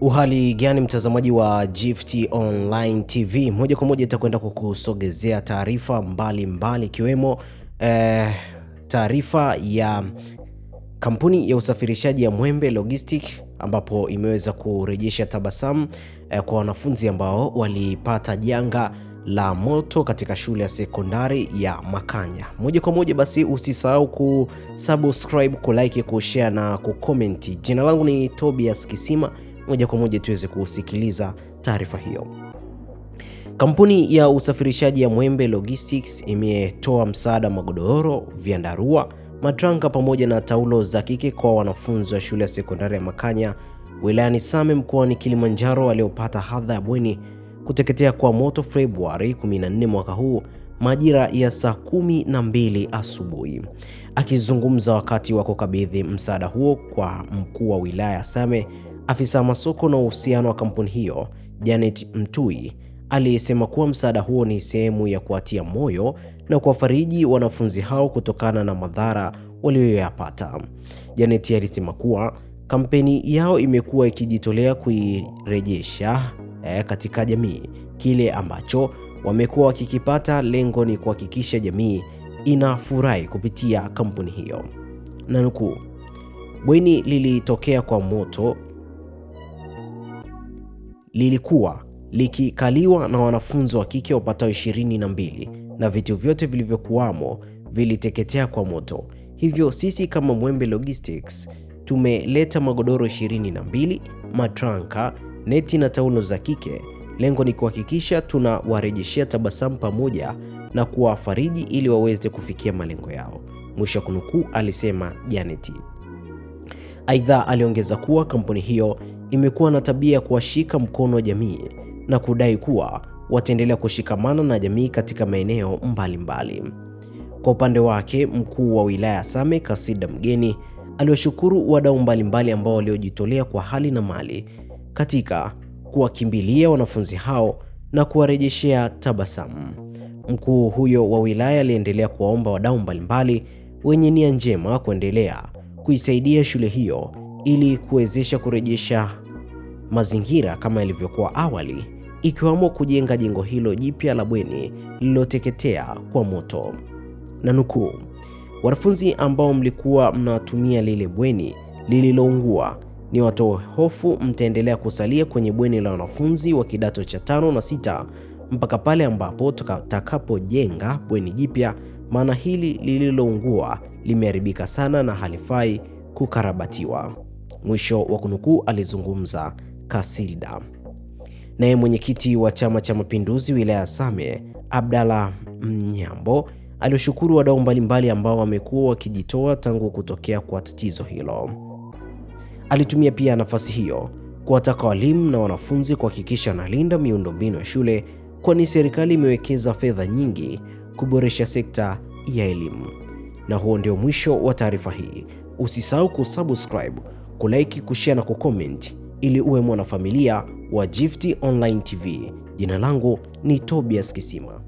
Uhali gani mtazamaji wa Gift Online TV, moja kwa moja itakwenda kukusogezea taarifa mbalimbali ikiwemo eh, taarifa ya kampuni ya usafirishaji ya Mwembe Logistic ambapo imeweza kurejesha tabasamu eh, kwa wanafunzi ambao walipata janga la moto katika shule ya sekondari ya Makanya. Moja kwa moja basi, usisahau kusubscribe, kulike, kushare na kukomenti. Jina langu ni Tobias Kisima moja kwa moja tuweze kusikiliza taarifa hiyo. Kampuni ya usafirishaji ya Mwembe Logistics imetoa msaada magodoro, vyandarua, matranka pamoja na taulo za kike kwa wanafunzi wa shule ya sekondari ya Makanya wilayani Same mkoani Kilimanjaro waliopata hadha ya bweni kuteketea kwa moto Februari 14 mwaka huu majira ya saa kumi na mbili asubuhi. Akizungumza wakati wa kukabidhi msaada huo kwa mkuu wa wilaya Same, Afisa masoko na uhusiano wa kampuni hiyo Janet Mtui aliyesema kuwa msaada huo ni sehemu ya kuwatia moyo na kuwafariji wanafunzi hao kutokana na madhara walioyapata. Janet alisema kuwa kampeni yao imekuwa ikijitolea kuirejesha eh, katika jamii kile ambacho wamekuwa wakikipata. Lengo ni kuhakikisha jamii inafurahi kupitia kampuni hiyo, na nukuu, bweni lilitokea kwa moto lilikuwa likikaliwa na wanafunzi wa kike wapatao ishirini na mbili na vitu vyote vilivyokuwamo viliteketea kwa moto. Hivyo sisi kama Mwembe Logistics tumeleta magodoro ishirini na mbili, matranka, neti na taulo za kike. Lengo ni kuhakikisha tunawarejeshea tabasamu pamoja na kuwafariji ili waweze kufikia malengo yao. Mwisho wa kunukuu, alisema Janeti. Aidha, aliongeza kuwa kampuni hiyo imekuwa na tabia ya kuwashika mkono jamii na kudai kuwa wataendelea kushikamana na jamii katika maeneo mbalimbali. Kwa upande wake, mkuu wa wilaya Same Kasida Mgeni aliwashukuru wadau mbalimbali ambao waliojitolea kwa hali na mali katika kuwakimbilia wanafunzi hao na kuwarejeshea tabasamu. Mkuu huyo wa wilaya aliendelea kuwaomba wadau mbalimbali wenye nia njema kuendelea kuisaidia shule hiyo ili kuwezesha kurejesha mazingira kama ilivyokuwa awali, ikiwamo kujenga jengo hilo jipya la bweni lililoteketea kwa moto. Na nukuu, wanafunzi ambao mlikuwa mnatumia lile bweni lililoungua ni watoe hofu, mtaendelea kusalia kwenye bweni la wanafunzi wa kidato cha tano na sita mpaka pale ambapo takapojenga bweni jipya maana hili lililoungua limeharibika sana na halifai kukarabatiwa. Mwisho wa kunukuu, alizungumza Kasilda. Naye mwenyekiti wa Chama cha Mapinduzi wilaya ya Same Abdalla Mnyambo alioshukuru wadau mbalimbali ambao wamekuwa wakijitoa tangu kutokea kwa tatizo hilo. Alitumia pia nafasi hiyo kuwataka walimu na wanafunzi kuhakikisha analinda miundombinu ya shule, kwani serikali imewekeza fedha nyingi kuboresha sekta ya elimu. Na huo ndio mwisho wa taarifa hii. Usisahau kusubscribe, kulike, kushare na kucomment ili uwe mwanafamilia wa Gift Online TV. Jina langu ni Tobias Kisima.